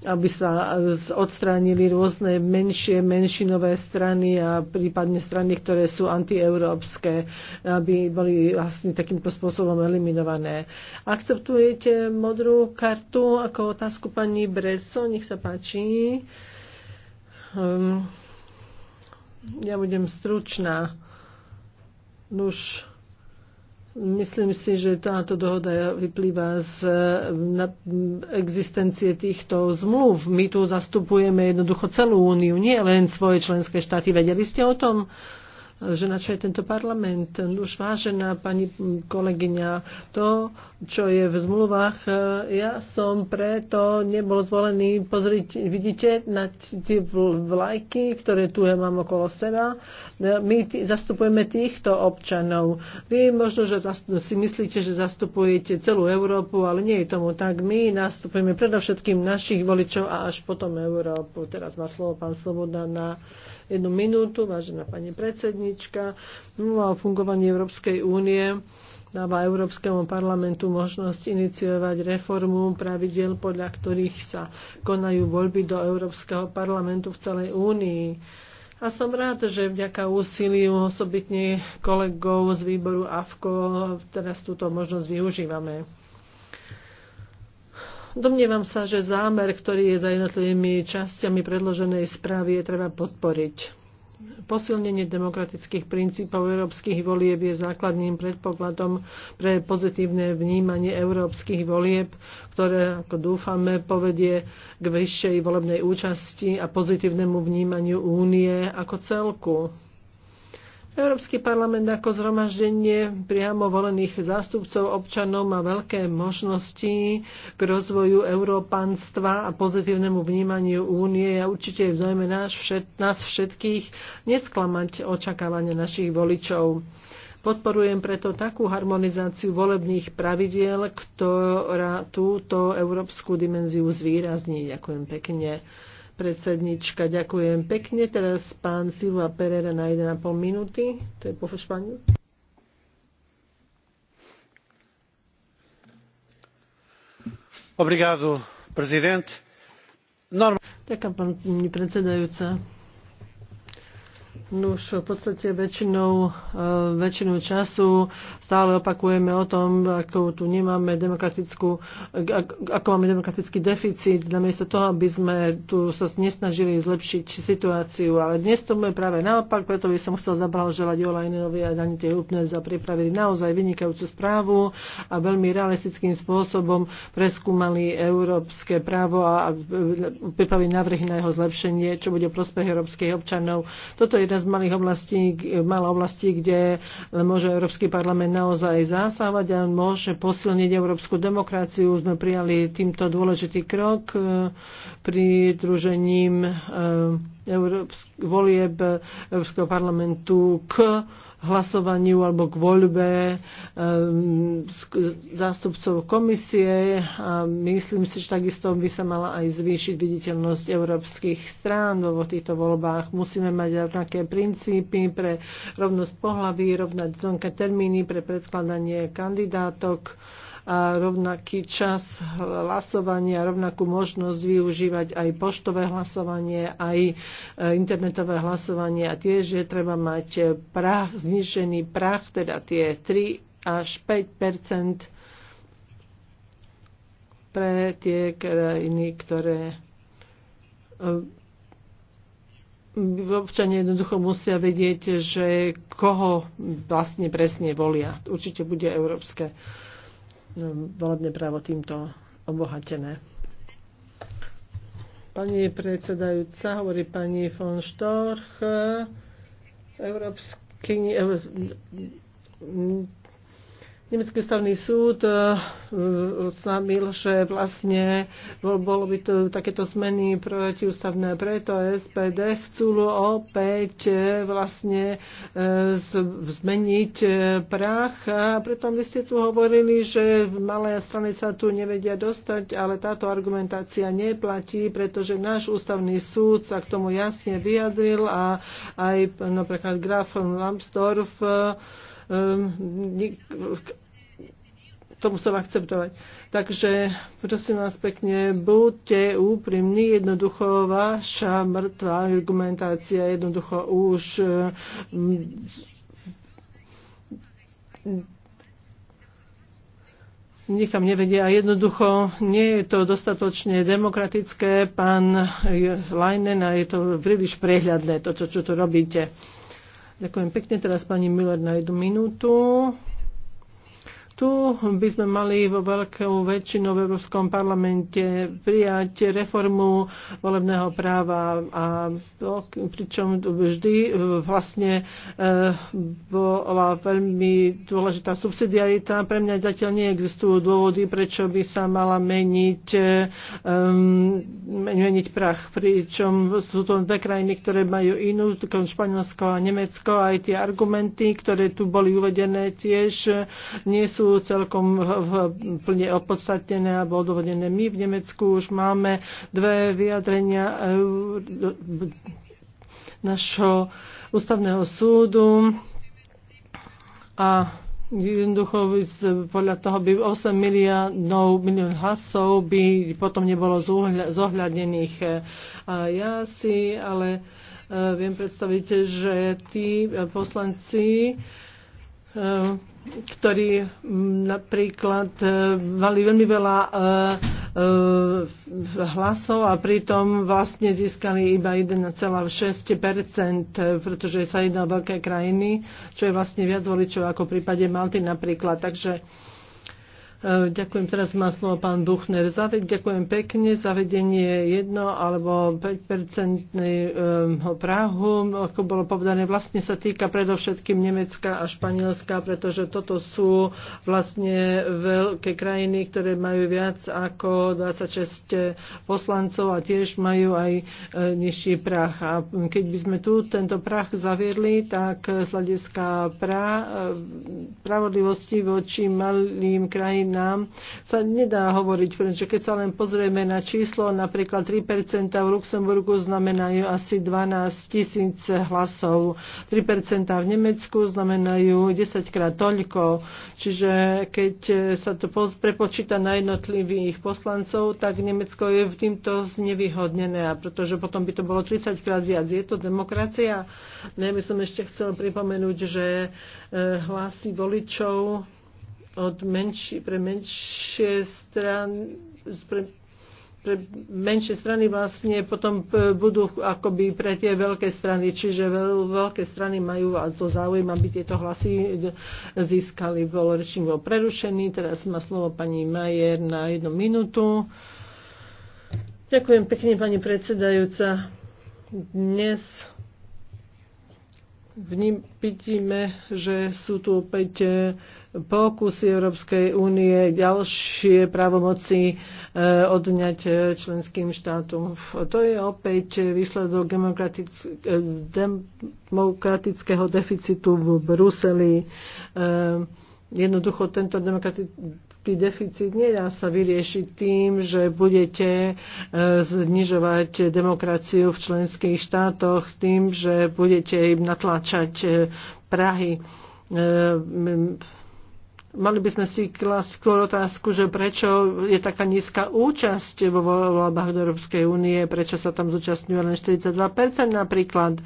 aby sa odstránili rôzne menšie, menšinové strany a prípadne strany, ktoré sú antieurópske, aby boli vlastne takýmto spôsobom eliminované. Akceptujete modrú kartu? tu ako otázku pani Breso, nech sa páči. Um, ja budem stručná. Nuž, Myslím si, že táto dohoda vyplýva z existencie týchto zmluv. My tu zastupujeme jednoducho celú úniu, nie len svoje členské štáty. Vedeli ste o tom? Uh, že na čo je tento parlament. Už vážená pani kolegyňa, to, čo je v zmluvách, e, ja som preto nebol zvolený. pozrieť, vidíte na tie vlajky, ktoré tu ja mám okolo seba. E, my zastupujeme týchto občanov. Vy možno, že si myslíte, že zastupujete celú Európu, ale nie je tomu tak. My nastupujeme predovšetkým našich voličov a až potom Európu. Teraz má slovo pán Sloboda na jednu minútu, vážená pani predsednička. Mluva o fungovaní Európskej únie dáva Európskemu parlamentu možnosť iniciovať reformu pravidel, podľa ktorých sa konajú voľby do Európskeho parlamentu v celej únii. A som rád, že vďaka úsiliu osobitne kolegov z výboru AFKO teraz túto možnosť využívame. Domnievam sa, že zámer, ktorý je za jednotlivými časťami predloženej správy, je treba podporiť. Posilnenie demokratických princípov európskych volieb je základným predpokladom pre pozitívne vnímanie európskych volieb, ktoré, ako dúfame, povedie k vyššej volebnej účasti a pozitívnemu vnímaniu únie ako celku. Európsky parlament ako zhromaždenie priamo volených zástupcov občanov má veľké možnosti k rozvoju európanstva a pozitívnemu vnímaniu únie a určite je v nás, všet, nás všetkých nesklamať očakávania našich voličov. Podporujem preto takú harmonizáciu volebných pravidiel, ktorá túto európsku dimenziu zvýrazní. Ďakujem pekne predsednička. Ďakujem pekne. Teraz pán Silva Pereira na 1,5 minúty. To je po Španiu. Obrigado, prezident. Norm- Ďakujem, pán predsedajúca. No už v podstate väčšinou, eh, väčšinou času stále opakujeme o tom, ako tu nemáme demokratickú, ako máme demokratický deficit, namiesto toho, aby sme tu sa nesnažili zlepšiť situáciu. Ale dnes to je práve naopak, preto by som chcel zablahoželať Olajnenovi a Danite Hupner za pripravili naozaj vynikajúcu správu a veľmi realistickým spôsobom preskúmali európske právo a pripravili návrhy na jeho zlepšenie, čo bude prospech európskych občanov. Toto je jedna z malých oblastí, eh, malá oblastí, kde môže Európsky parlament naozaj zásahovať a môže posilniť európsku demokraciu. Sme prijali týmto dôležitý krok eh, pri družením eh, Európsk- volieb Európskeho parlamentu k hlasovaniu alebo k voľbe ehm, zástupcov komisie a myslím si, že takisto by sa mala aj zvýšiť viditeľnosť európskych strán vo týchto voľbách. Musíme mať rovnaké princípy pre rovnosť pohlaví, rovnaké termíny pre predkladanie kandidátok a rovnaký čas hlasovania, rovnakú možnosť využívať aj poštové hlasovanie, aj e, internetové hlasovanie a tiež že treba mať prach, znižený prach, teda tie 3 až 5 pre tie krajiny, ktoré e, občania jednoducho musia vedieť, že koho vlastne presne volia. Určite bude európske volebné právo týmto obohatené. Pani predsedajúca, hovorí pani von Storch, Európsky, Nemecký ústavný súd e, oznámil, že vlastne bolo by to takéto zmeny protiústavné, preto SPD chcú opäť e, vlastne e, zmeniť prach. A preto vy ste tu hovorili, že malé strany sa tu nevedia dostať, ale táto argumentácia neplatí, pretože náš ústavný súd sa k tomu jasne vyjadril a aj no, Graf Lambsdorff Ehm, to musel akceptovať. Takže prosím vás pekne, buďte úprimní, jednoducho vaša mŕtva argumentácia jednoducho už ehm, nikam nevedia. A jednoducho nie je to dostatočne demokratické, pán Leinen, a je to príliš prehľadné, to, čo, čo tu robíte. Ďakujem pekne. Teraz pani Miller na jednu minútu. Tu by sme mali vo veľkou väčšinou v Európskom parlamente prijať reformu volebného práva a to, pričom vždy e, vlastne e, bola veľmi dôležitá subsidiarita. Pre mňa zatiaľ neexistujú dôvody, prečo by sa mala meniť, um, meniť prach. Pričom sú to dve krajiny, ktoré majú inú, Španielsko a Nemecko. Aj tie argumenty, ktoré tu boli uvedené, tiež nie sú sú v, plne opodstatnené alebo odvodené. My v Nemecku už máme dve vyjadrenia e, našho ústavného súdu a jednoducho podľa toho by 8 miliónov milión hasov by potom nebolo zohľadnených. E, a ja si ale e, viem predstaviť, že tí poslanci ktorí mm, napríklad e, mali veľmi veľa e, e, hlasov a pritom vlastne získali iba 1,6%, pretože sa jedná o veľké krajiny, čo je vlastne viac voličov ako v prípade Malty napríklad. Takže E, ďakujem, teraz má slovo pán Duchner Zaved, ďakujem pekne. Zavedenie jedno alebo 5-percentného práhu, ako bolo povedané, vlastne sa týka predovšetkým Nemecka a Španielska, pretože toto sú vlastne veľké krajiny, ktoré majú viac ako 26 poslancov a tiež majú aj e, nižší prach. A keď by sme tu tento prach zaviedli, tak z hľadiska pra, e, pravodlivosti voči malým krajinám rodinám sa nedá hovoriť, pretože keď sa len pozrieme na číslo, napríklad 3% v Luxemburgu znamenajú asi 12 tisíc hlasov, 3% v Nemecku znamenajú 10 krát toľko. Čiže keď sa to prepočíta na jednotlivých poslancov, tak Nemecko je v týmto znevýhodnené, pretože potom by to bolo 30 krát viac. Je to demokracia? Ne, by som ešte chcel pripomenúť, že eh, hlasy voličov od menší, pre menšie strany, pre, pre menšie strany vlastne potom e, budú akoby pre tie veľké strany, čiže veľ, veľké strany majú a to záujem, aby tieto hlasy získali. Bol rečník bol prerušený, teraz má slovo pani Majer na jednu minútu. Ďakujem pekne, pani predsedajúca. Dnes vidíme, že sú tu opäť e, pokusy Európskej únie ďalšie právomoci e, odňať e, členským štátom. To je opäť výsledok e, demokratického deficitu v Bruseli. Jednoducho tento demokratický deficit nedá sa vyriešiť tým, že budete znižovať demokraciu v členských štátoch, tým, že budete im natláčať Prahy mali by sme si klasť skôr otázku, že prečo je taká nízka účasť vo voľbách do Európskej únie, prečo sa tam zúčastňuje len 42% napríklad. E,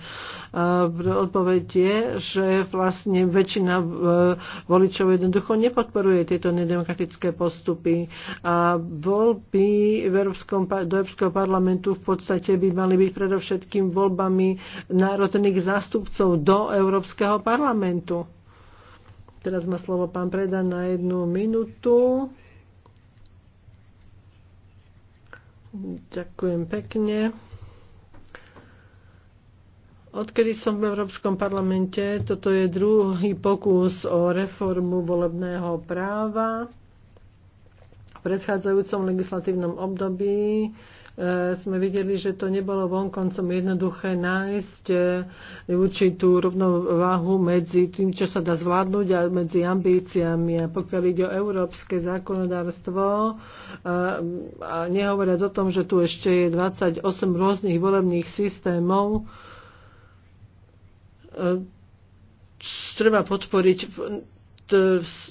odpoveď je, že vlastne väčšina e, voličov jednoducho nepodporuje tieto nedemokratické postupy a voľby v Európskom, do Európskeho parlamentu v podstate by mali byť predovšetkým voľbami národných zástupcov do Európskeho parlamentu. Teraz má slovo pán Preda na jednu minútu. Ďakujem pekne. Odkedy som v Európskom parlamente, toto je druhý pokus o reformu volebného práva. V predchádzajúcom legislatívnom období E, sme videli, že to nebolo vonkoncom jednoduché nájsť e, určitú rovnováhu medzi tým, čo sa dá zvládnuť a medzi ambíciami. A pokiaľ ide o európske zákonodárstvo, e, a nehovoriac o tom, že tu ešte je 28 rôznych volebných systémov, treba podporiť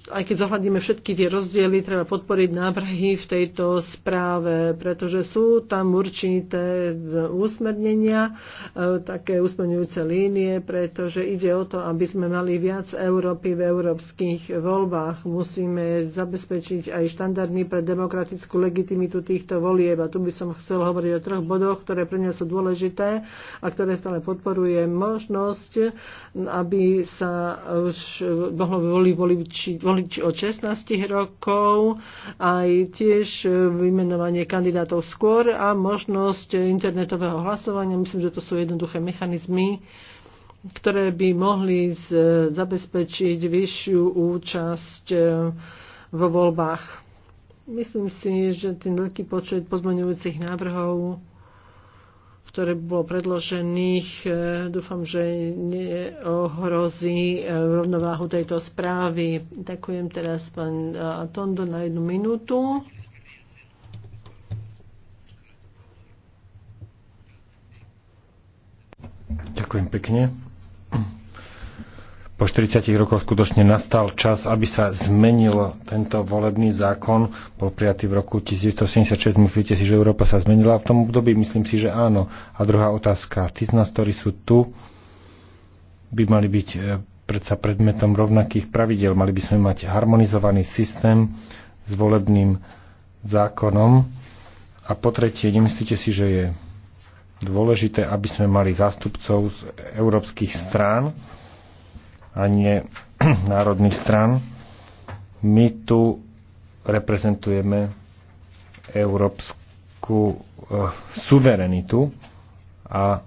aj keď zohľadíme všetky tie rozdiely, treba podporiť návrhy v tejto správe, pretože sú tam určité úsmernenia, e, také úsmerňujúce línie, pretože ide o to, aby sme mali viac Európy v európskych voľbách. Musíme zabezpečiť aj štandardný pre demokratickú legitimitu týchto volieb. A tu by som chcel hovoriť o troch bodoch, ktoré pre mňa sú dôležité a ktoré stále podporuje možnosť, aby sa už mohlo voliť voliť od 16 rokov, aj tiež e, vymenovanie kandidátov skôr a možnosť internetového hlasovania. Myslím, že to sú jednoduché mechanizmy, ktoré by mohli e, zabezpečiť vyššiu účasť e, vo voľbách. Myslím si, že ten veľký počet pozmeňujúcich návrhov ktoré bolo predložených. E, dúfam, že neohrozí e, rovnováhu tejto správy. Ďakujem teraz pán e, Tondo na jednu minútu. Ďakujem pekne po 40 rokoch skutočne nastal čas, aby sa zmenil tento volebný zákon. Bol prijatý v roku 1976. Myslíte si, že Európa sa zmenila v tom období? Myslím si, že áno. A druhá otázka. Tí z nás, ktorí sú tu, by mali byť eh, predsa predmetom rovnakých pravidel. Mali by sme mať harmonizovaný systém s volebným zákonom. A po tretie, nemyslíte si, že je dôležité, aby sme mali zástupcov z európskych strán, a nie národných stran. My tu reprezentujeme európsku e, suverenitu a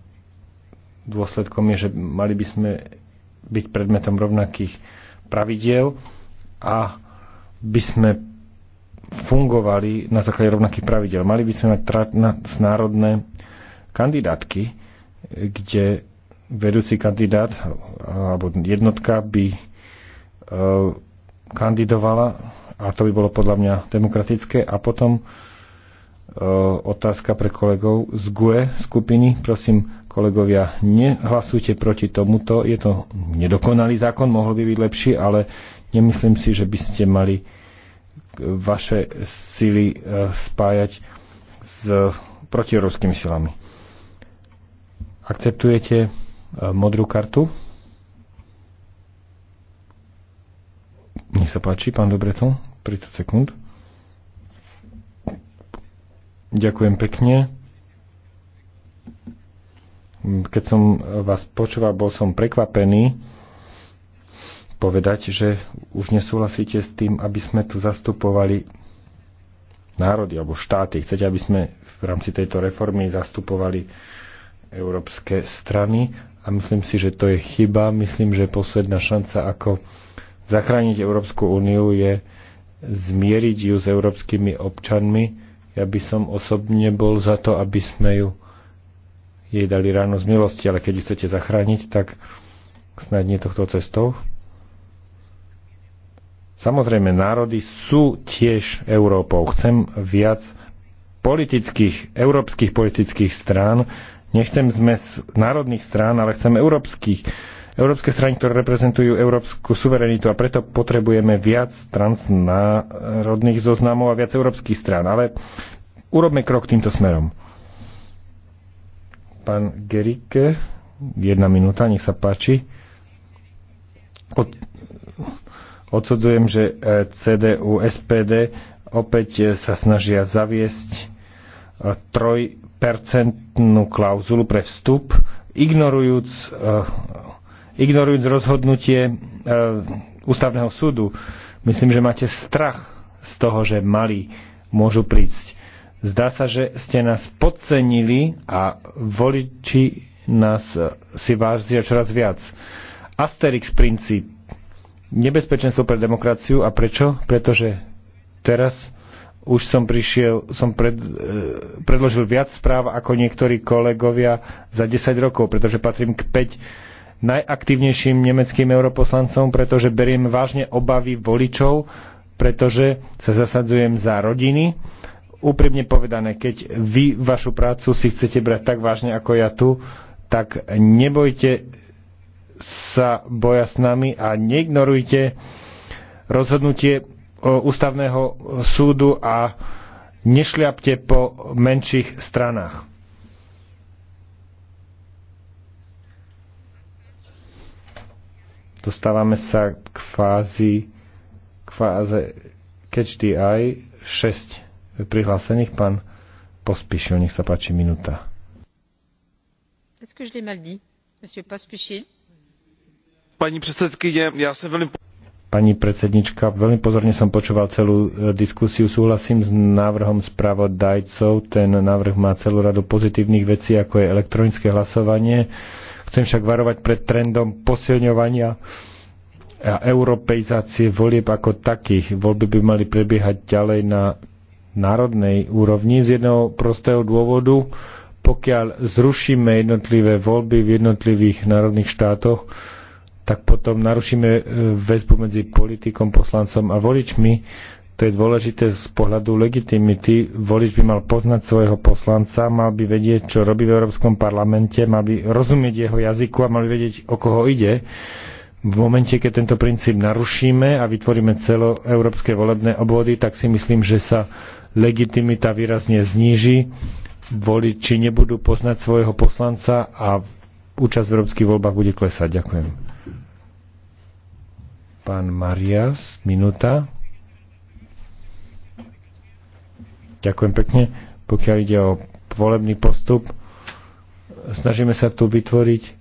dôsledkom je, že mali by sme byť predmetom rovnakých pravidiel a by sme fungovali na základe rovnakých pravidel. Mali by sme mať národné kandidátky, kde vedúci kandidát alebo jednotka by e, kandidovala a to by bolo podľa mňa demokratické a potom e, otázka pre kolegov z GUE skupiny. Prosím, kolegovia, nehlasujte proti tomuto. Je to nedokonalý zákon, mohol by byť lepší, ale nemyslím si, že by ste mali vaše sily e, spájať s protiruskými silami. Akceptujete modrú kartu. Nech sa páči, pán Dobreton, 30 sekúnd. Ďakujem pekne. Keď som vás počúval, bol som prekvapený povedať, že už nesúhlasíte s tým, aby sme tu zastupovali národy alebo štáty. Chcete, aby sme v rámci tejto reformy zastupovali európske strany a myslím si, že to je chyba. Myslím, že posledná šanca, ako zachrániť Európsku úniu, je zmieriť ju s európskymi občanmi. Ja by som osobne bol za to, aby sme ju jej dali ráno z milosti, ale keď ju chcete zachrániť, tak snad nie tohto cestou. Samozrejme, národy sú tiež Európou. Chcem viac politických, európskych politických strán, Nechcem zmes národných strán, ale chcem európskych. Európske strany, ktoré reprezentujú európsku suverenitu a preto potrebujeme viac transnárodných zoznamov a viac európskych strán. Ale urobme krok týmto smerom. Pán Gerike, jedna minúta, nech sa páči. Od, odsudzujem, že eh, CDU, SPD opäť eh, sa snažia zaviesť trojpercentnú klauzulu pre vstup, ignorujúc, e, ignorujúc rozhodnutie e, ústavného súdu. Myslím, že máte strach z toho, že mali môžu prísť. Zdá sa, že ste nás podcenili a voliči nás e, si vážia čoraz viac. Asterix princíp. Nebezpečenstvo pre demokraciu a prečo? Pretože teraz už som prišiel, som pred, e, predložil viac správ ako niektorí kolegovia za 10 rokov, pretože patrím k 5 najaktívnejším nemeckým europoslancom, pretože beriem vážne obavy voličov, pretože sa zasadzujem za rodiny. Úprimne povedané, keď vy vašu prácu si chcete brať tak vážne ako ja tu, tak nebojte sa boja s nami a neignorujte rozhodnutie ústavného súdu a nešliapte po menších stranách. Dostávame sa k fázi k fáze catch the eye 6 prihlásených pán Pospíšil, nech sa páči minúta. Est-ce que je l'ai mal dit, monsieur Pospíšil? Paní předsedkyně, já jsem velmi Pani predsednička, veľmi pozorne som počúval celú e, diskusiu. Súhlasím s návrhom spravodajcov. Ten návrh má celú radu pozitívnych vecí, ako je elektronické hlasovanie. Chcem však varovať pred trendom posilňovania a europeizácie volieb ako takých. Voľby by mali prebiehať ďalej na národnej úrovni z jedného prostého dôvodu. Pokiaľ zrušíme jednotlivé voľby v jednotlivých národných štátoch, tak potom narušíme e, väzbu medzi politikom, poslancom a voličmi. To je dôležité z pohľadu legitimity. Volič by mal poznať svojho poslanca, mal by vedieť, čo robí v Európskom parlamente, mal by rozumieť jeho jazyku a mal by vedieť, o koho ide. V momente, keď tento princíp narušíme a vytvoríme celoeurópske volebné obvody, tak si myslím, že sa legitimita výrazne zníži. Voliči nebudú poznať svojho poslanca a účasť v európskych voľbách bude klesať. Ďakujem. Pán Marias, minúta. Ďakujem pekne. Pokiaľ ide o volebný postup, snažíme sa tu vytvoriť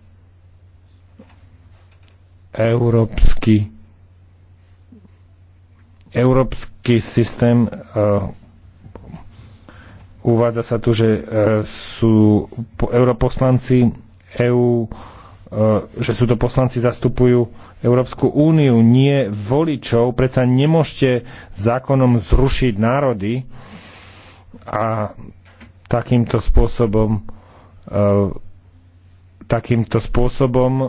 európsky európsky systém uh, uvádza sa tu, že uh, sú europoslanci EU E, že sú to poslanci zastupujú Európsku úniu, nie voličov. predsa nemôžete zákonom zrušiť národy a takýmto spôsobom e, takýmto spôsobom e,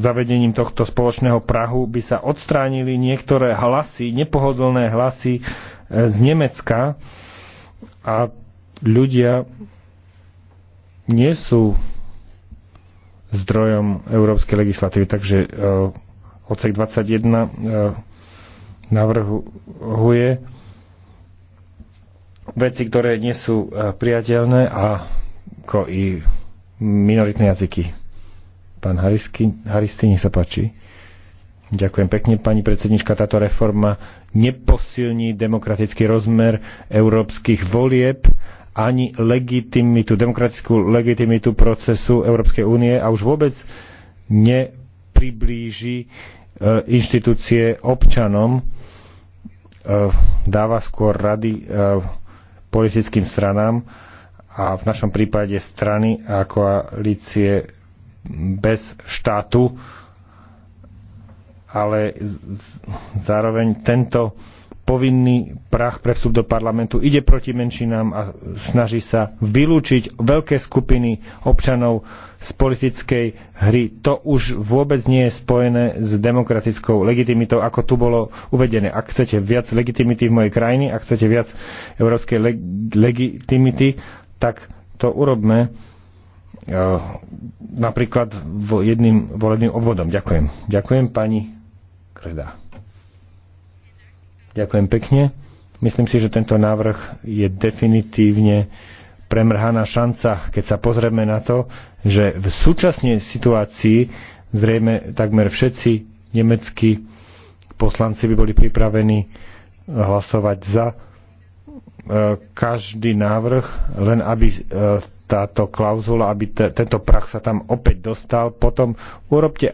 zavedením tohto spoločného Prahu by sa odstránili niektoré hlasy, nepohodlné hlasy z Nemecka a ľudia nie sú zdrojom európskej legislatívy. Takže e, odsek 21 e, navrhuje veci, ktoré nie sú e, priateľné a ako i minoritné jazyky. Pán Harisky, Haristy, nech sa páči. Ďakujem pekne, pani predsednička. Táto reforma neposilní demokratický rozmer európskych volieb ani legitimitu, demokratickú legitimitu procesu Európskej únie a už vôbec nepriblíži e, inštitúcie občanom, e, dáva skôr rady e, politickým stranám a v našom prípade strany a koalície bez štátu, ale zároveň tento povinný prach pre vstup do parlamentu, ide proti menšinám a snaží sa vylúčiť veľké skupiny občanov z politickej hry. To už vôbec nie je spojené s demokratickou legitimitou, ako tu bolo uvedené. Ak chcete viac legitimity v mojej krajine, ak chcete viac európskej leg- legitimity, tak to urobme e, napríklad v jedným volebným obvodom. Ďakujem. Ďakujem pani Kredá. Ďakujem pekne. Myslím si, že tento návrh je definitívne premrhaná šanca, keď sa pozrieme na to, že v súčasnej situácii zrejme takmer všetci nemeckí poslanci by boli pripravení eh, hlasovať za eh, každý návrh, len aby eh, táto klauzula, aby tento prach sa tam opäť dostal. Potom urobte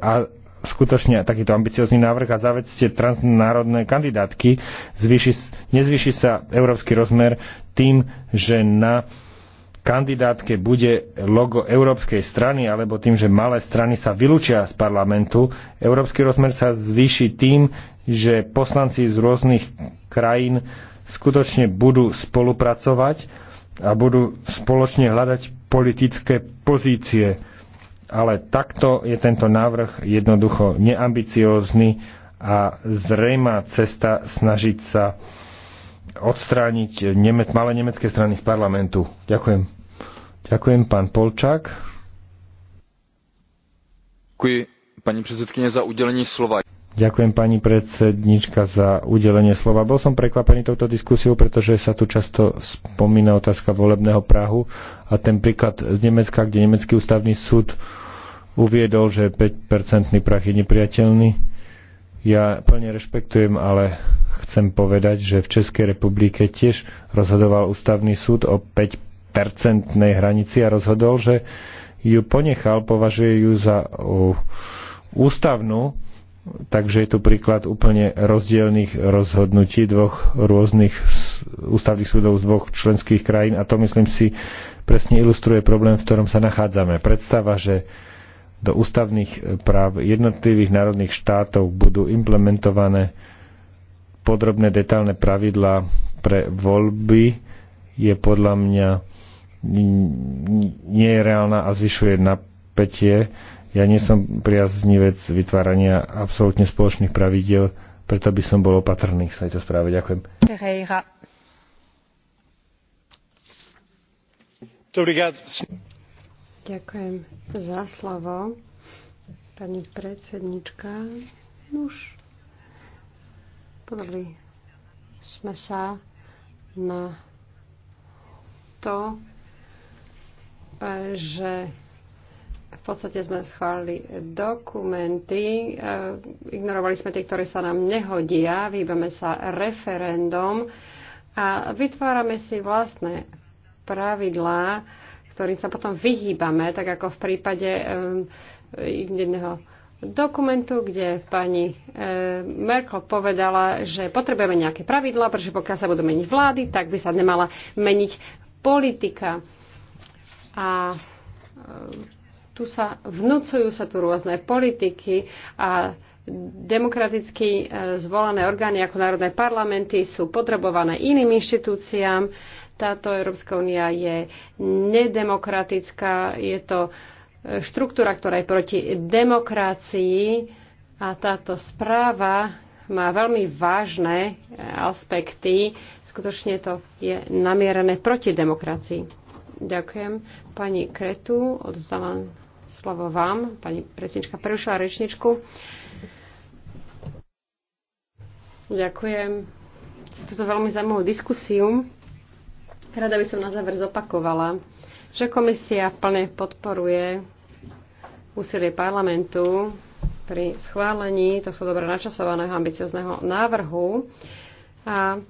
skutočne takýto ambiciózny návrh a zavedzte transnárodné kandidátky. Zvýši, nezvýši sa európsky rozmer tým, že na kandidátke bude logo Európskej strany alebo tým, že malé strany sa vylúčia z parlamentu. Európsky rozmer sa zvýši tým, že poslanci z rôznych krajín skutočne budú spolupracovať a budú spoločne hľadať politické pozície ale takto je tento návrh jednoducho neambiciózny a zrejmá cesta snažiť sa odstrániť nemec- malé nemecké strany z parlamentu. Ďakujem. Ďakujem, pán Polčák. Ďakujem, pani predsedkyne, za udelenie slova. Ďakujem pani predsednička za udelenie slova. Bol som prekvapený touto diskusiou, pretože sa tu často spomína otázka volebného Prahu a ten príklad z Nemecka, kde Nemecký ústavný súd uviedol, že 5-percentný prach je nepriateľný. Ja plne rešpektujem, ale chcem povedať, že v Českej republike tiež rozhodoval ústavný súd o 5-percentnej hranici a rozhodol, že ju ponechal, považuje ju za uh, ústavnú Takže je tu príklad úplne rozdielných rozhodnutí dvoch rôznych ústavných súdov z dvoch členských krajín a to myslím si presne ilustruje problém, v ktorom sa nachádzame. Predstava, že do ústavných práv jednotlivých národných štátov budú implementované podrobné detálne pravidlá pre voľby je podľa mňa nereálna a zvyšuje napätie ja nie som priaznivec vytvárania absolútne spoločných pravidiel, preto by som bol opatrný v tejto správe. Ďakujem. Ďakujem za slovo, pani predsednička. Nuž, no podali sme sa na to, že v podstate sme schválili dokumenty, e, ignorovali sme tie, ktoré sa nám nehodia, vybeme sa referendum a vytvárame si vlastné pravidlá, ktorým sa potom vyhýbame, tak ako v prípade e, jedného dokumentu, kde pani e, Merkel povedala, že potrebujeme nejaké pravidlá, pretože pokiaľ sa budú meniť vlády, tak by sa nemala meniť politika. A e, tu sa vnúcujú sa tu rôzne politiky a demokraticky e, zvolené orgány ako národné parlamenty sú potrebované iným inštitúciám. Táto Európska únia je nedemokratická, je to e, štruktúra, ktorá je proti demokracii a táto správa má veľmi vážne e, aspekty. Skutočne to je namierené proti demokracii. Ďakujem. Pani Kretu, odzdávam slovo vám. Pani predsednička prerušila rečničku. Ďakujem za túto veľmi zaujímavú diskusiu. Rada by som na záver zopakovala, že komisia plne podporuje úsilie parlamentu pri schválení tohto dobre načasovaného ambiciozného návrhu a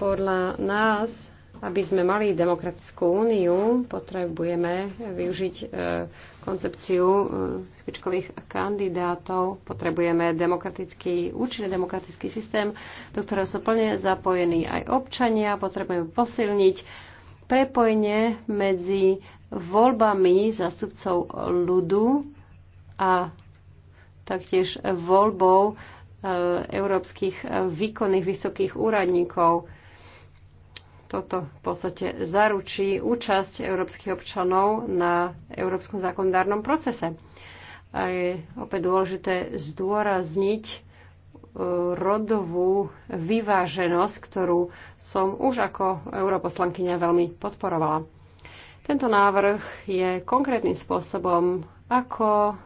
podľa nás, aby sme mali demokratickú úniu, potrebujeme využiť e, koncepciu e, špičkových kandidátov. Potrebujeme demokratický, účinný demokratický systém, do ktorého sú plne zapojení aj občania. Potrebujeme posilniť prepojenie medzi voľbami zástupcov ľudu a taktiež voľbou e, európskych výkonných vysokých úradníkov. Toto v podstate zaručí účasť európskych občanov na európskom zákonodárnom procese. A je opäť dôležité zdôrazniť e, rodovú vyváženosť, ktorú som už ako europoslankyňa veľmi podporovala. Tento návrh je konkrétnym spôsobom, ako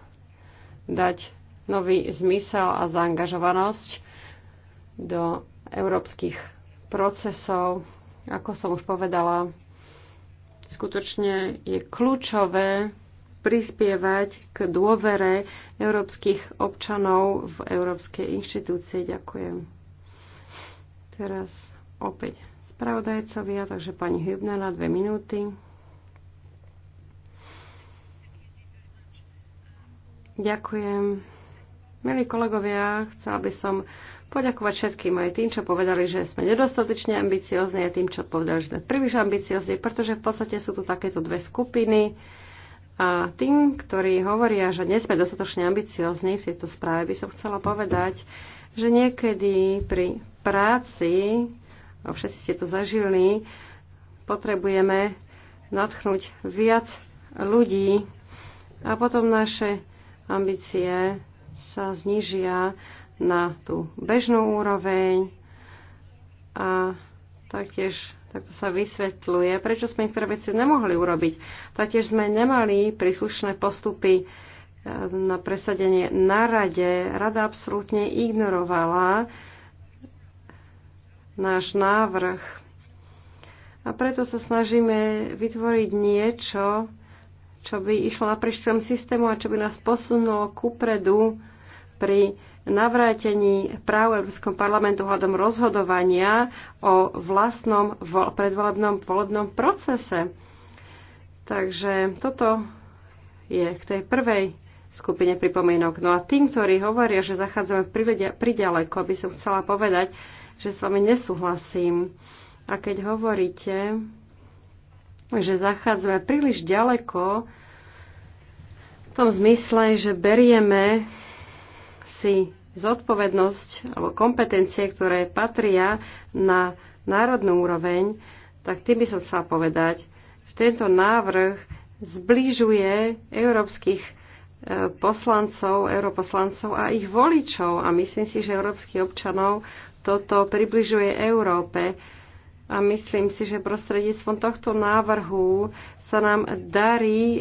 dať nový zmysel a zaangažovanosť do európskych procesov ako som už povedala, skutočne je kľúčové prispievať k dôvere európskych občanov v európskej inštitúcie. Ďakujem. Teraz opäť spravodajcovia, takže pani Hübnera, na dve minúty. Ďakujem. Milí kolegovia, chcela by som poďakovať všetkým aj tým, čo povedali, že sme nedostatočne ambiciozni a tým, čo povedali, že sme príliš ambiciozni, pretože v podstate sú tu takéto dve skupiny. A tým, ktorí hovoria, že nie sme dostatočne ambiciozni v tejto správe, by som chcela povedať, že niekedy pri práci, no, všetci ste to zažili, potrebujeme nadchnúť viac ľudí a potom naše ambície sa znižia na tú bežnú úroveň a taktiež takto sa vysvetľuje, prečo sme niektoré veci nemohli urobiť. Taktiež sme nemali príslušné postupy e, na presadenie na rade. Rada absolútne ignorovala náš návrh. A preto sa snažíme vytvoriť niečo, čo by išlo naprieč systému a čo by nás posunulo kupredu pri navrátení práv Európskom parlamentu hľadom rozhodovania o vlastnom predvolebnom volebnom procese. Takže toto je k tej prvej skupine pripomienok. No a tým, ktorí hovoria, že zachádzame priďaleko, by som chcela povedať, že s vami nesúhlasím. A keď hovoríte, že zachádzame príliš ďaleko, v tom zmysle, že berieme si zodpovednosť alebo kompetencie, ktoré patria na národnú úroveň, tak tým by som chcela povedať, že tento návrh zbližuje európskych e, poslancov, europoslancov a ich voličov. A myslím si, že európskych občanov toto približuje Európe. A myslím si, že prostredníctvom tohto návrhu sa nám darí e,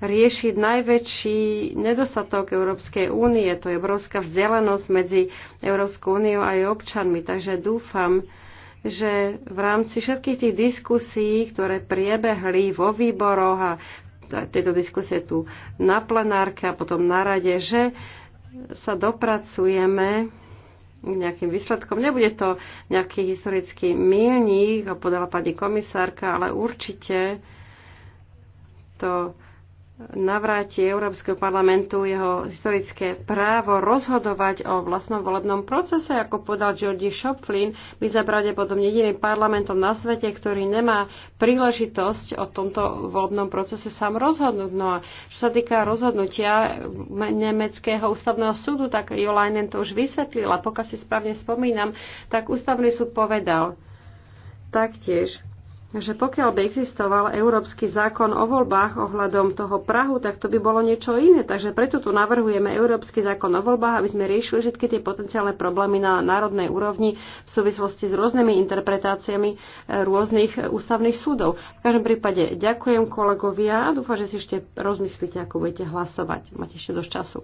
riešiť najväčší nedostatok Európskej únie. To je obrovská vzdelanosť medzi Európskou úniou a jej občanmi. Takže dúfam, že v rámci všetkých tých diskusí, ktoré priebehli vo výboroch a tejto diskusie tu na plenárke a potom na rade, že sa dopracujeme k nejakým výsledkom. Nebude to nejaký historický milník, ho podala pani komisárka, ale určite to navráti Európskeho parlamentu jeho historické právo rozhodovať o vlastnom volebnom procese, ako podal Georgi Shopflin, by sa pravdepodobne jediným parlamentom na svete, ktorý nemá príležitosť o tomto volebnom procese sám rozhodnúť. No a čo sa týka rozhodnutia Nemeckého ústavného súdu, tak Jolajnen to už vysvetlil a pokiaľ si správne spomínam, tak ústavný súd povedal taktiež, Takže pokiaľ by existoval európsky zákon o voľbách ohľadom toho Prahu, tak to by bolo niečo iné. Takže preto tu navrhujeme európsky zákon o voľbách, aby sme riešili všetky tie potenciálne problémy na národnej úrovni v súvislosti s rôznymi interpretáciami e, rôznych ústavných súdov. V každom prípade ďakujem kolegovia a dúfam, že si ešte rozmyslíte, ako budete hlasovať. Máte ešte dosť času.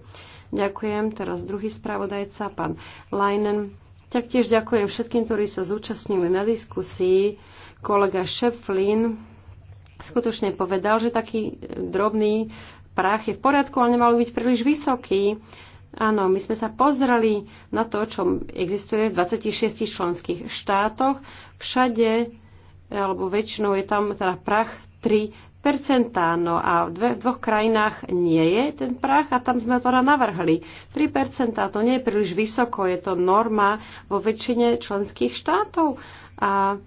Ďakujem. Teraz druhý spravodajca, pán Leinen. Taktiež ďakujem všetkým, ktorí sa zúčastnili na diskusii. Kolega Šeflin skutočne povedal, že taký e, drobný prach je v poriadku, ale nemal byť príliš vysoký. Áno, my sme sa pozreli na to, čo existuje v 26 členských štátoch. Všade, alebo väčšinou je tam teda prach 3 No a v, dve, v dvoch krajinách nie je ten prach a tam sme to navrhli. 3 to nie je príliš vysoko, je to norma vo väčšine členských štátov. A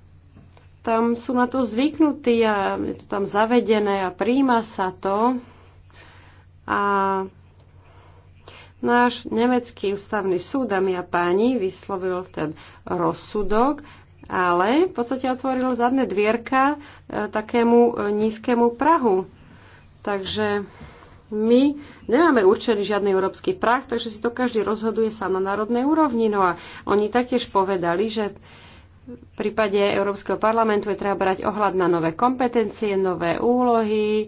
tam sú na to zvyknutí a je to tam zavedené a príjma sa to. A náš nemecký ústavný súd, dámy a páni, vyslovil ten rozsudok, ale v podstate otvoril zadné dvierka e, takému e, nízkemu Prahu. Takže my nemáme určený žiadny európsky prach, takže si to každý rozhoduje sám na národnej úrovni. No a oni taktiež povedali, že v prípade Európskeho parlamentu je treba brať ohľad na nové kompetencie, nové úlohy, e,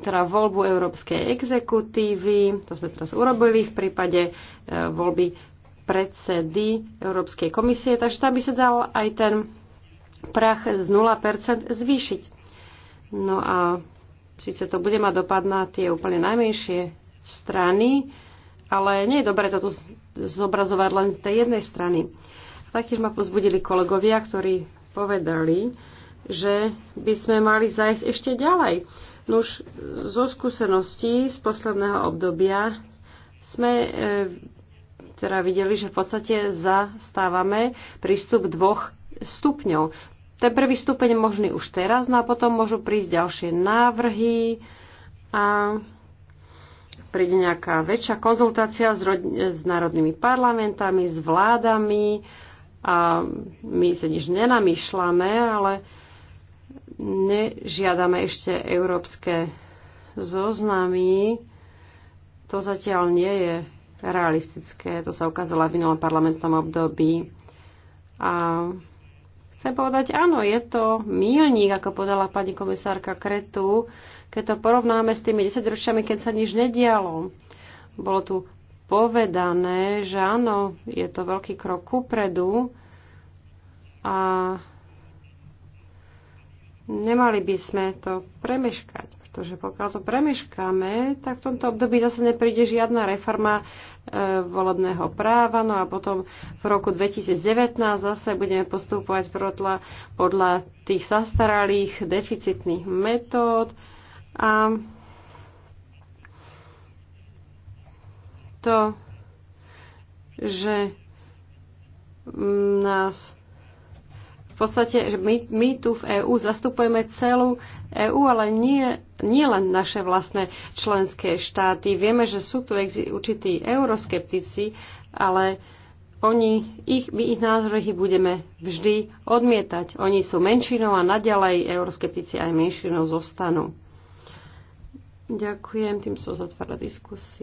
teda voľbu Európskej exekutívy, to sme teraz urobili v prípade voľby predsedy Európskej komisie, takže tam by sa dal aj ten prach z 0% zvýšiť. No a síce to bude mať dopad na tie úplne najmenšie strany, ale nie je dobré to tu zobrazovať len z tej jednej strany. Taktiež ma pozbudili kolegovia, ktorí povedali, že by sme mali zajsť ešte ďalej. No už zo skúseností z posledného obdobia sme e, teda videli, že v podstate zastávame prístup dvoch stupňov. Ten prvý stupeň je možný už teraz, no a potom môžu prísť ďalšie návrhy a príde nejaká väčšia konzultácia s, s národnými parlamentami, s vládami a my sa nič nenamýšľame, ale nežiadame ešte európske zoznamy. To zatiaľ nie je realistické. To sa ukázalo v minulom parlamentnom období. A chcem povedať, áno, je to mílník, ako podala pani komisárka Kretu, keď to porovnáme s tými desaťročiami, keď sa nič nedialo. Bolo tu povedané, že áno, je to veľký krok kupredu a nemali by sme to premeškať pretože pokiaľ to premeškáme, tak v tomto období zase nepríde žiadna reforma e, volebného práva, no a potom v roku 2019 zase budeme postupovať protla, podľa tých zastaralých deficitných metód a to, že nás v podstate my, my tu v EÚ zastupujeme celú EÚ, ale nie, nie len naše vlastné členské štáty. Vieme, že sú tu určití euroskeptici, ale oni, ich, my ich názory budeme vždy odmietať. Oni sú menšinou a naďalej euroskeptici aj menšinou zostanú. Ďakujem, tým som zatvára diskusia.